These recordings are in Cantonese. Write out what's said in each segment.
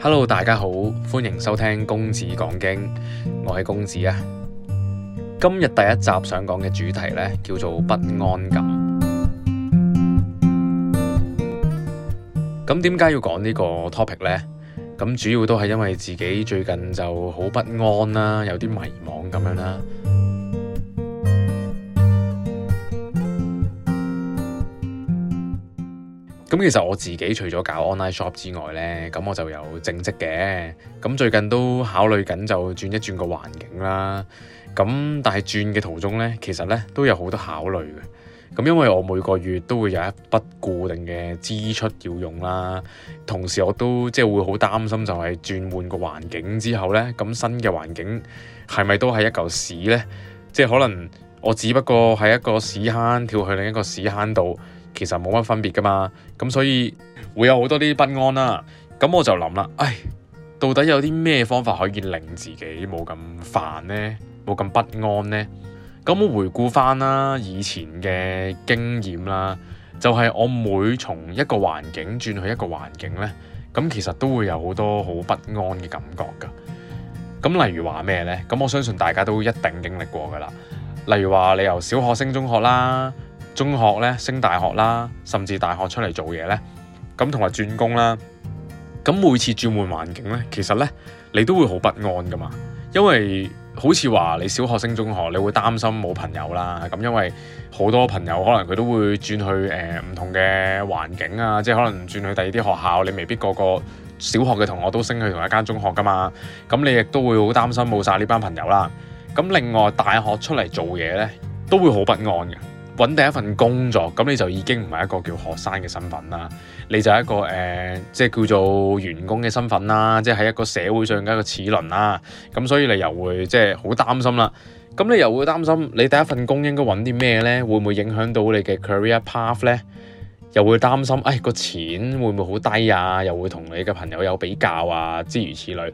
Hello，大家好，歡迎收聽公子講經，我係公子啊。今日第一集想講嘅主題呢，叫做不安感。咁點解要講呢個 topic 呢？咁主要都係因為自己最近就好不安啦，有啲迷惘咁樣啦。咁其實我自己除咗搞 online shop 之外呢，咁我就有正職嘅。咁最近都考慮緊就轉一轉個環境啦。咁但係轉嘅途中呢，其實呢都有好多考慮嘅。咁因為我每個月都會有一筆固定嘅支出要用啦，同時我都即係會好擔心就係轉換個環境之後呢，咁新嘅環境係咪都係一嚿屎呢？即係可能。我只不過係一個屎坑跳去另一個屎坑度，其實冇乜分別噶嘛。咁所以會有好多啲不安啦，啊。咁我就諗啦，唉，到底有啲咩方法可以令自己冇咁煩呢？冇咁不安呢？咁我回顧翻啦，以前嘅經驗啦，就係、是、我每從一個環境轉去一個環境呢，咁其實都會有好多好不安嘅感覺噶。咁例如話咩呢？咁我相信大家都一定經歷過噶啦。例如話，你由小學升中學啦，中學咧升大學啦，甚至大學出嚟做嘢咧，咁同埋轉工啦，咁每次轉換環境咧，其實咧你都會好不安噶嘛，因為好似話你小學升中學，你會擔心冇朋友啦，咁因為好多朋友可能佢都會轉去誒、呃、唔同嘅環境啊，即係可能轉去第二啲學校，你未必個個小學嘅同學都升去同一間中學噶嘛，咁你亦都會好擔心冇晒呢班朋友啦。咁另外，大學出嚟做嘢咧，都會好不安嘅。揾第一份工作，咁你就已經唔係一個叫學生嘅身份啦，你就係一個誒，即係叫做員工嘅身份啦，即係喺一個社會上嘅一個齒輪啦。咁所以你又會即係好擔心啦。咁你又會擔心，你第一份工應該揾啲咩咧？會唔會影響到你嘅 career path 咧？又會擔心，誒個錢會唔會好低啊？又會同你嘅朋友有比較啊，之如此類。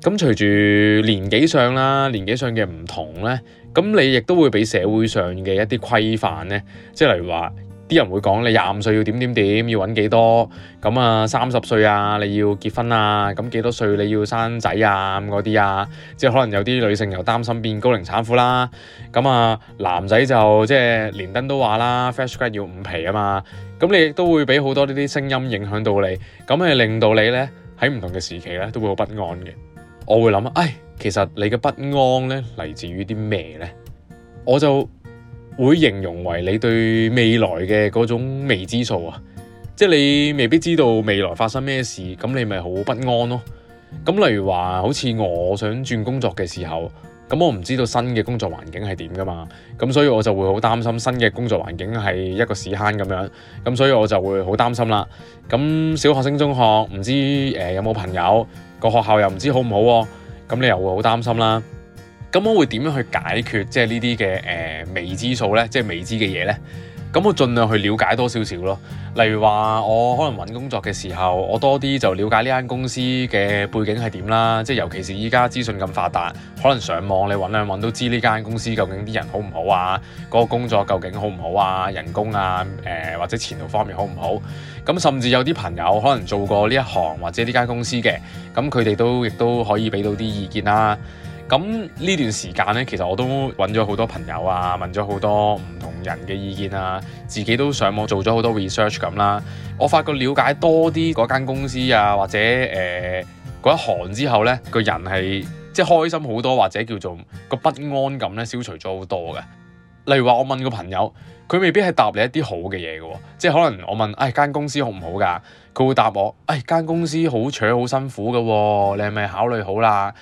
咁隨住年紀上啦，年紀上嘅唔同咧，咁你亦都會俾社會上嘅一啲規範咧，即係例如話啲人會講你廿五歲要點點點，要搵幾多，咁啊三十歲啊你要結婚啊，咁幾多歲你要生仔啊咁嗰啲啊，即係可能有啲女性又擔心變高齡產婦啦，咁啊男仔就即係連登都話啦，fresh grad 要五皮啊嘛，咁你亦都會俾好多呢啲聲音影響到你，咁係令到你咧喺唔同嘅時期咧都會好不安嘅。我會諗唉，哎，其實你嘅不安呢，嚟自於啲咩呢？我就會形容為你對未來嘅嗰種未知數啊，即係你未必知道未來發生咩事，咁你咪好不安咯。咁例如話，好似我想轉工作嘅時候。咁我唔知道新嘅工作環境係點噶嘛，咁所以我就會好擔心新嘅工作環境係一個屎坑咁樣，咁所以我就會好擔心啦。咁小學生、中學唔知誒、呃、有冇朋友，個學校又唔知好唔好喎，咁你又會好擔心啦。咁我會點樣去解決即係呢啲嘅誒未知數呢？即係未知嘅嘢呢？咁我盡量去了解多少少咯，例如話我可能揾工作嘅時候，我多啲就了解呢間公司嘅背景係點啦，即係尤其是依家資訊咁發達，可能上網你揾兩揾都知呢間公司究竟啲人好唔好啊，嗰個工作究竟好唔好啊，人工啊，呃，或者前途方面好唔好，咁甚至有啲朋友可能做過呢一行或者呢間公司嘅，咁佢哋都亦都可以俾到啲意見啦。咁呢段時間呢，其實我都揾咗好多朋友啊，問咗好多唔同人嘅意見啊，自己都上網做咗好多 research 咁啦。我發覺了解多啲嗰間公司啊，或者呃、嗰一行之後呢，個人係即係開心好多，或者叫做個不安感呢，消除咗好多嘅。例如話，我問個朋友，佢未必係答你一啲好嘅嘢嘅喎，即係可能我問，唉、哎，間公司好唔好噶？佢會答我，唉、哎，間公司好 chur，好辛苦嘅喎、哦，你係咪考慮好啦？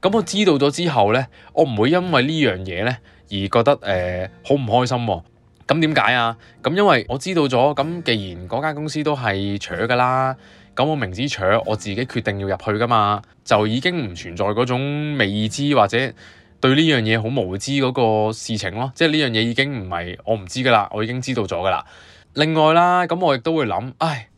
咁我知道咗之後呢，我唔會因為呢樣嘢呢而覺得呃好唔開心喎。咁點解啊？咁因為我知道咗，咁既然嗰間公司都係錯噶啦，咁我明知錯，我自己決定要入去噶嘛，就已經唔存在嗰種未知或者對呢樣嘢好無知嗰個事情咯。即係呢樣嘢已經唔係我唔知噶啦，我已經知道咗噶啦。另外啦，咁我亦都會諗，唉，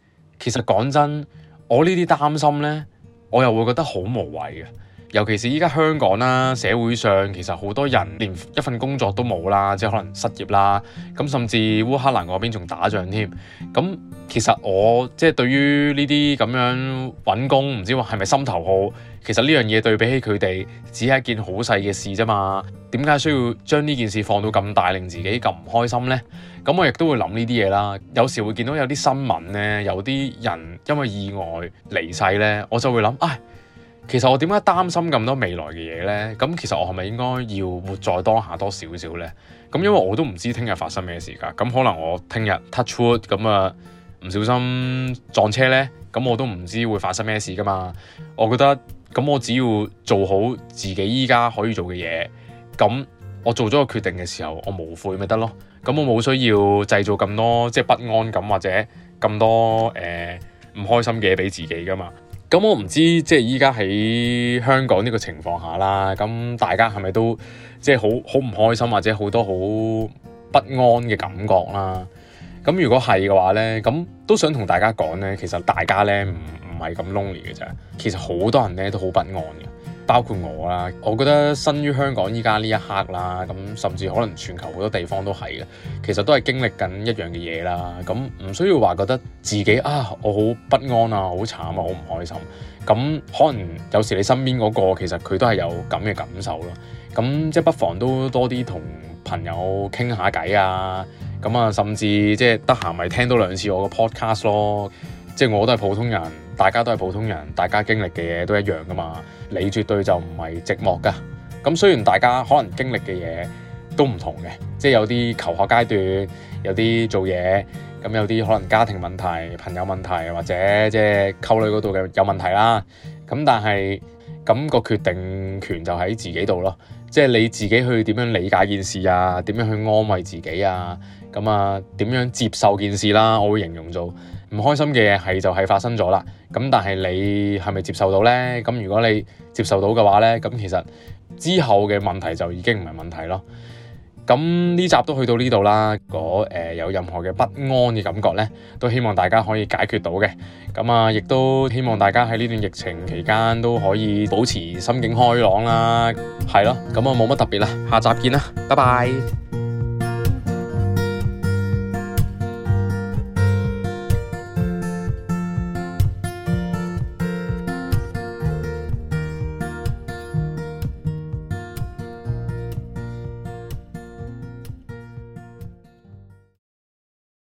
其實講真，我呢啲擔心呢，我又會覺得好無謂嘅。尤其是依家香港啦，社會上其實好多人連一份工作都冇啦，即係可能失業啦。咁甚至烏克蘭嗰邊仲打仗添。咁其實我即係對於呢啲咁樣揾工，唔知話係咪心頭好？其實呢樣嘢對比起佢哋，只係一件好細嘅事啫嘛。點解需要將呢件事放到咁大，令自己咁唔開心呢？咁我亦都會諗呢啲嘢啦。有時會見到有啲新聞呢，有啲人因為意外離世呢，我就會諗，唉、哎。其實我點解擔心咁多未來嘅嘢呢？咁其實我係咪應該要活在當下多少少呢？咁因為我都唔知聽日發生咩事噶。咁可能我聽日 touch wood 咁啊，唔小心撞車呢，咁我都唔知道會發生咩事噶嘛。我覺得咁我只要做好自己依家可以做嘅嘢，咁我做咗個決定嘅時候，我無悔咪得咯。咁我冇需要製造咁多即係、就是、不安感或者咁多誒唔、呃、開心嘅嘢俾自己噶嘛。咁我唔知即係而家喺香港呢個情況下啦，咁大家係咪都即係好好唔開心或者好多好不安嘅感覺啦？咁如果係嘅話咧，咁都想同大家講咧，其實大家咧唔唔係咁 lonely 嘅啫，其實好多人咧都好不安嘅。包括我啦，我覺得生於香港依家呢一刻啦，咁甚至可能全球好多地方都係嘅，其實都係經歷緊一樣嘅嘢啦。咁唔需要話覺得自己啊，我好不安啊，好慘啊，好唔開心。咁可能有時你身邊嗰個其實佢都係有咁嘅感受咯。咁即係不妨都多啲同朋友傾下偈啊。咁啊，甚至即係得閒咪聽多兩次我個 podcast 咯。即係我都係普通人，大家都係普通人，大家經歷嘅嘢都一樣噶嘛。你絕對就唔係寂寞噶。咁雖然大家可能經歷嘅嘢都唔同嘅，即係有啲求學階段，有啲做嘢，咁有啲可能家庭問題、朋友問題，或者即係溝女嗰度嘅有問題啦。咁但係咁個決定權就喺自己度咯。即係你自己去點樣理解件事啊？點樣去安慰自己啊？咁啊，點樣接受件事啦，啊？我會形容做。唔開心嘅嘢係就係發生咗啦，咁但係你係咪接受到呢？咁如果你接受到嘅話呢，咁其實之後嘅問題就已經唔係問題咯。咁呢集都去到呢度啦，嗰誒有任何嘅不安嘅感覺呢，都希望大家可以解決到嘅。咁啊，亦都希望大家喺呢段疫情期間都可以保持心境開朗啦，係咯。咁啊，冇乜特別啦，下集見啦，拜拜。